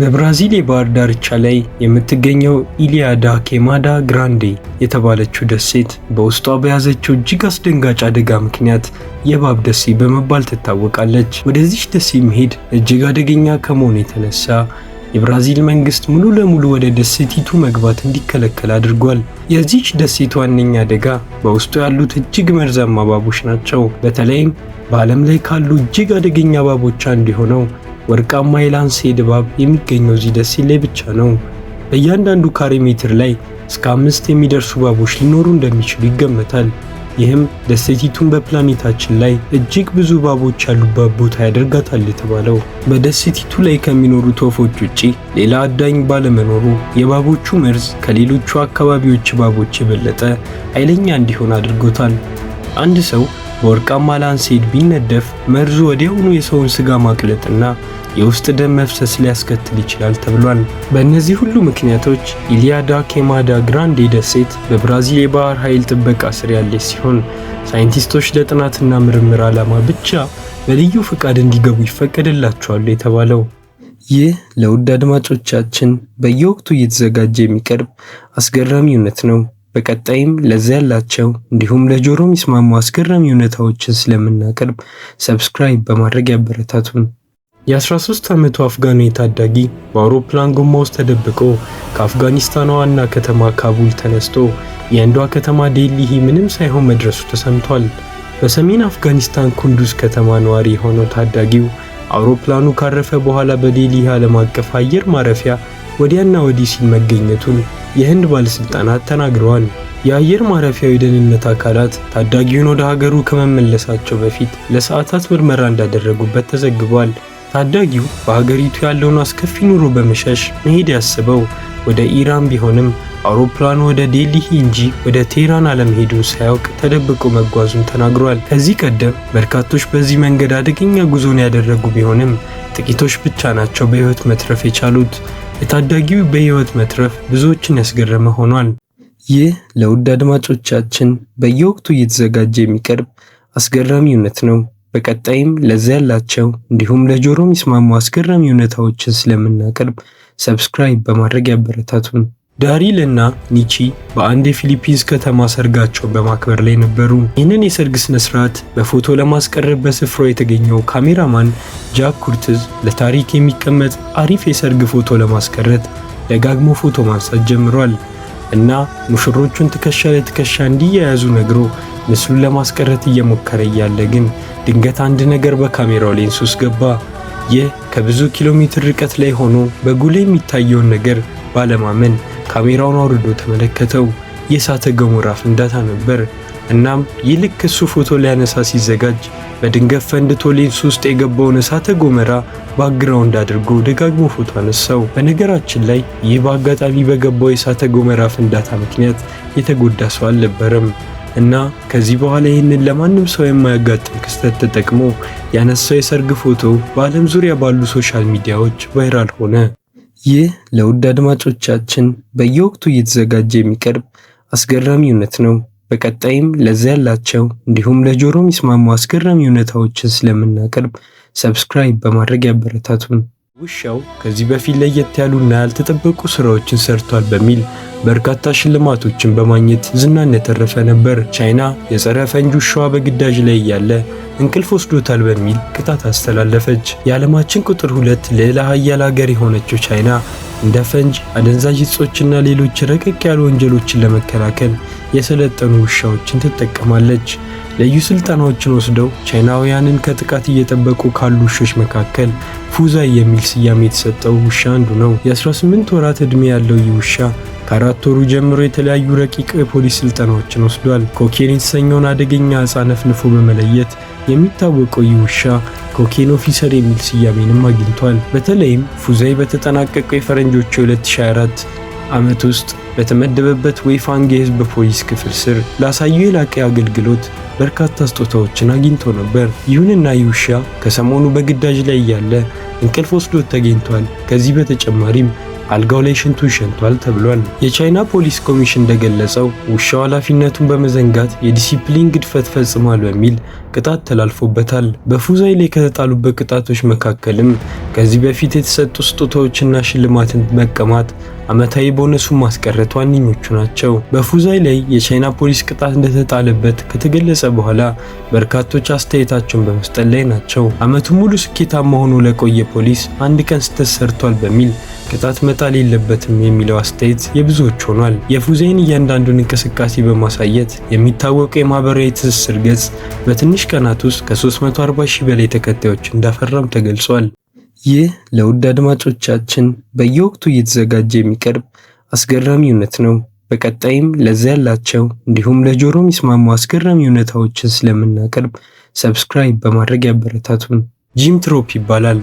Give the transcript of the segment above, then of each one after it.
በብራዚል የባህር ዳርቻ ላይ የምትገኘው ኢሊያዳ ኬማዳ ግራንዴ የተባለችው ደሴት በውስጧ በያዘችው እጅግ አስደንጋጭ አደጋ ምክንያት የባብ ደሴ በመባል ትታወቃለች። ወደዚች ደሴ መሄድ እጅግ አደገኛ ከመሆኑ የተነሳ የብራዚል መንግስት ሙሉ ለሙሉ ወደ ደሴቲቱ መግባት እንዲከለከል አድርጓል። የዚች ደሴት ዋነኛ አደጋ በውስጡ ያሉት እጅግ መርዛማ ባቦች ናቸው። በተለይም በዓለም ላይ ካሉ እጅግ አደገኛ ባቦች አንዱ የሆነው ወርቃማ የላንሴ ድባብ የሚገኘው እዚህ ደሴት ላይ ብቻ ነው። በእያንዳንዱ ካሬ ሜትር ላይ እስከ አምስት የሚደርሱ እባቦች ሊኖሩ እንደሚችሉ ይገመታል። ይህም ደሴቲቱን በፕላኔታችን ላይ እጅግ ብዙ እባቦች ያሉባት ቦታ ያደርጋታል የተባለው። በደሴቲቱ ላይ ከሚኖሩት ወፎች ውጪ ሌላ አዳኝ ባለመኖሩ የእባቦቹ መርዝ ከሌሎቹ አካባቢዎች እባቦች የበለጠ ኃይለኛ እንዲሆን አድርጎታል። አንድ ሰው በወርቃማ ላንሴድ ቢነደፍ መርዙ ወዲያውኑ የሰውን ስጋ ማቅለጥና የውስጥ ደም መፍሰስ ሊያስከትል ይችላል ተብሏል። በእነዚህ ሁሉ ምክንያቶች ኢሊያዳ ኬማዳ ግራንዴ ደሴት በብራዚል የባህር ኃይል ጥበቃ ስር ያለች ሲሆን ሳይንቲስቶች ለጥናትና ምርምር ዓላማ ብቻ በልዩ ፍቃድ እንዲገቡ ይፈቀድላቸዋል የተባለው ይህ ለውድ አድማጮቻችን በየወቅቱ እየተዘጋጀ የሚቀርብ አስገራሚ እውነት ነው። በቀጣይም ለዛ ያላቸው እንዲሁም ለጆሮ የሚስማሙ አስገራሚ እውነታዎችን ስለምናቀርብ ሰብስክራይብ በማድረግ ያበረታቱን። የ13 ዓመቱ አፍጋኑ ታዳጊ በአውሮፕላን ጎማ ውስጥ ተደብቆ ከአፍጋኒስታኗ ዋና ከተማ ካቡል ተነስቶ የእንዷ ከተማ ዴልሂ ምንም ሳይሆን መድረሱ ተሰምቷል። በሰሜን አፍጋኒስታን ኩንዱዝ ከተማ ነዋሪ የሆነው ታዳጊው አውሮፕላኑ ካረፈ በኋላ በዴልሂ ዓለም አቀፍ አየር ማረፊያ ወዲያና ወዲህ ሲል መገኘቱን የህንድ ባለስልጣናት ተናግረዋል። የአየር ማረፊያው የደህንነት አካላት ታዳጊውን ወደ ሀገሩ ከመመለሳቸው በፊት ለሰዓታት ምርመራ እንዳደረጉበት ተዘግቧል። ታዳጊው በሀገሪቱ ያለውን አስከፊ ኑሮ በመሸሽ መሄድ ያስበው ወደ ኢራን ቢሆንም አውሮፕላኑ ወደ ዴልሂ እንጂ ወደ ቴህራን አለመሄዱን ሳያውቅ ተደብቆ መጓዙን ተናግሯል። ከዚህ ቀደም በርካቶች በዚህ መንገድ አደገኛ ጉዞን ያደረጉ ቢሆንም ጥቂቶች ብቻ ናቸው በሕይወት መትረፍ የቻሉት። የታዳጊው በህይወት መትረፍ ብዙዎችን ያስገረመ ሆኗል። ይህ ለውድ አድማጮቻችን በየወቅቱ እየተዘጋጀ የሚቀርብ አስገራሚ እውነት ነው። በቀጣይም ለዛ ያላቸው እንዲሁም ለጆሮ የሚስማሙ አስገራሚ እውነታዎችን ስለምናቀርብ ሰብስክራይብ በማድረግ ያበረታቱን። ዳሪል እና ኒቺ በአንድ የፊሊፒንስ ከተማ ሰርጋቸውን በማክበር ላይ ነበሩ። ይህንን የሰርግ ስነ ስርዓት በፎቶ ለማስቀረብ በስፍራው የተገኘው ካሜራማን ጃክ ኩርትዝ ለታሪክ የሚቀመጥ አሪፍ የሰርግ ፎቶ ለማስቀረት ደጋግሞ ፎቶ ማንሳት ጀምሯል እና ሙሽሮቹን ትከሻ ለትከሻ እንዲያያዙ ነግሮ ምስሉን ለማስቀረት እየሞከረ እያለ ግን ድንገት አንድ ነገር በካሜራው ሌንስ ውስጥ ገባ። ይህ ከብዙ ኪሎ ሜትር ርቀት ላይ ሆኖ በጉል የሚታየውን ነገር ባለማመን ካሜራውን አውርዶ ተመለከተው። የእሳተ ገሞራ ፍንዳታ ነበር። እናም ይህ ልክ እሱ ፎቶ ሊያነሳ ሲዘጋጅ በድንገት ፈንድቶ ሌንስ ውስጥ የገባውን እሳተ ገሞራ ባክግራውንድ አድርጎ ደጋግሞ ፎቶ አነሳው። በነገራችን ላይ ይህ በአጋጣሚ በገባው የእሳተ ገሞራ ፍንዳታ ምክንያት የተጎዳ ሰው አልነበረም እና ከዚህ በኋላ ይህንን ለማንም ሰው የማያጋጥም ክስተት ተጠቅሞ ያነሳው የሰርግ ፎቶ በዓለም ዙሪያ ባሉ ሶሻል ሚዲያዎች ቫይራል ሆነ። ይህ ለውድ አድማጮቻችን በየወቅቱ እየተዘጋጀ የሚቀርብ አስገራሚ እውነት ነው። በቀጣይም ለዛ ያላቸው እንዲሁም ለጆሮ የሚስማሙ አስገራሚ እውነታዎችን ስለምናቀርብ ሰብስክራይብ በማድረግ ያበረታቱን። ውሻው ከዚህ በፊት ለየት ያሉና ያልተጠበቁ ስራዎችን ሰርቷል በሚል በርካታ ሽልማቶችን በማግኘት ዝናን ያተረፈ ነበር። ቻይና የጸረ ፈንጅ ውሻዋ በግዳጅ ላይ እያለ እንቅልፍ ወስዶታል በሚል ቅጣት አስተላለፈች። የዓለማችን ቁጥር ሁለት ሌላ ሀያል ሀገር የሆነችው ቻይና እንደ ፈንጅ፣ አደንዛዥ እጾችና ሌሎች ረቀቅ ያሉ ወንጀሎችን ለመከላከል የሰለጠኑ ውሻዎችን ትጠቀማለች። ልዩ ስልጠናዎችን ወስደው ቻይናውያንን ከጥቃት እየጠበቁ ካሉ ውሾች መካከል ፉዛይ የሚል ስያሜ የተሰጠው ውሻ አንዱ ነው። የ18 ወራት ዕድሜ ያለው ይህ ውሻ ከአራት ወሩ ጀምሮ የተለያዩ ረቂቅ የፖሊስ ስልጠናዎችን ወስዷል። ኮኬን የተሰኘውን አደገኛ ዕፅ ነፍንፎ በመለየት የሚታወቀው ይህ ውሻ ኮኬን ኦፊሰር የሚል ስያሜንም አግኝቷል። በተለይም ፉዛይ በተጠናቀቀው የፈረንጆቹ 2024 ዓመት ውስጥ በተመደበበት ወይፋንግ የህዝብ ፖሊስ ክፍል ስር ላሳዩ የላቀ አገልግሎት በርካታ ስጦታዎችን አግኝቶ ነበር። ይሁንና ይህ ውሻ ከሰሞኑ በግዳጅ ላይ እያለ እንቅልፍ ወስዶት ተገኝቷል። ከዚህ በተጨማሪም አልጋው ላይ ሽንቱ ሸንቷል ተብሏል። የቻይና ፖሊስ ኮሚሽን እንደገለጸው ውሻው ኃላፊነቱን በመዘንጋት የዲሲፕሊን ግድፈት ፈጽሟል በሚል ቅጣት ተላልፎበታል። በፉዛይ ላይ ከተጣሉበት ቅጣቶች መካከልም ከዚህ በፊት የተሰጡ ስጦታዎችና ሽልማትን መቀማት ዓመታዊ ቦነሱን ማስቀረት ዋነኞቹ ናቸው። በፉዛይ ላይ የቻይና ፖሊስ ቅጣት እንደተጣለበት ከተገለጸ በኋላ በርካቶች አስተያየታቸውን በመስጠት ላይ ናቸው። ዓመቱን ሙሉ ስኬታማ ሆኖ ለቆየ ፖሊስ አንድ ቀን ስህተት ሰርቷል በሚል ቅጣት መጣል የለበትም የሚለው አስተያየት የብዙዎች ሆኗል። የፉዛይን እያንዳንዱን እንቅስቃሴ በማሳየት የሚታወቀው የማህበራዊ ትስስር ገጽ በትንሽ ቀናት ውስጥ ከ340 ሺህ በላይ ተከታዮች እንዳፈራም ተገልጿል። ይህ ለውድ አድማጮቻችን በየወቅቱ እየተዘጋጀ የሚቀርብ አስገራሚ እውነት ነው። በቀጣይም ለዛ ያላቸው እንዲሁም ለጆሮ የሚስማሙ አስገራሚ እውነታዎችን ስለምናቀርብ ሰብስክራይብ በማድረግ ያበረታቱን። ጂም ትሮፕ ይባላል።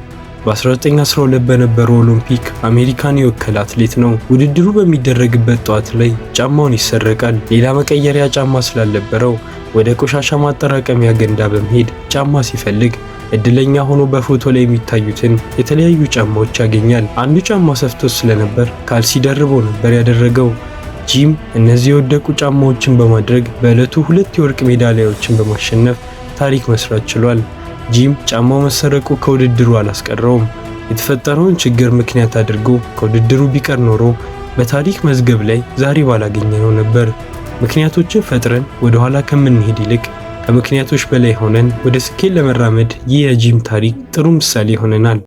በ1912 በነበረው ኦሎምፒክ አሜሪካን የወከለ አትሌት ነው። ውድድሩ በሚደረግበት ጠዋት ላይ ጫማውን ይሰረቃል። ሌላ መቀየሪያ ጫማ ስላልነበረው ወደ ቆሻሻ ማጠራቀሚያ ገንዳ በመሄድ ጫማ ሲፈልግ እድለኛ ሆኖ በፎቶ ላይ የሚታዩትን የተለያዩ ጫማዎች ያገኛል። አንዱ ጫማ ሰፍቶ ስለነበር ካልሲ ደርቦ ነበር ያደረገው። ጂም እነዚህ የወደቁ ጫማዎችን በማድረግ በዕለቱ ሁለት የወርቅ ሜዳሊያዎችን በማሸነፍ ታሪክ መስራት ችሏል። ጂም ጫማው መሰረቁ ከውድድሩ አላስቀረውም። የተፈጠረውን ችግር ምክንያት አድርጎ ከውድድሩ ቢቀር ኖሮ በታሪክ መዝገብ ላይ ዛሬ ባላገኘነው ነበር። ምክንያቶችን ፈጥረን ወደ ኋላ ከምንሄድ ይልቅ ከምክንያቶች በላይ ሆነን ወደ ስኬት ለመራመድ ይህ የጂም ታሪክ ጥሩ ምሳሌ ይሆነናል።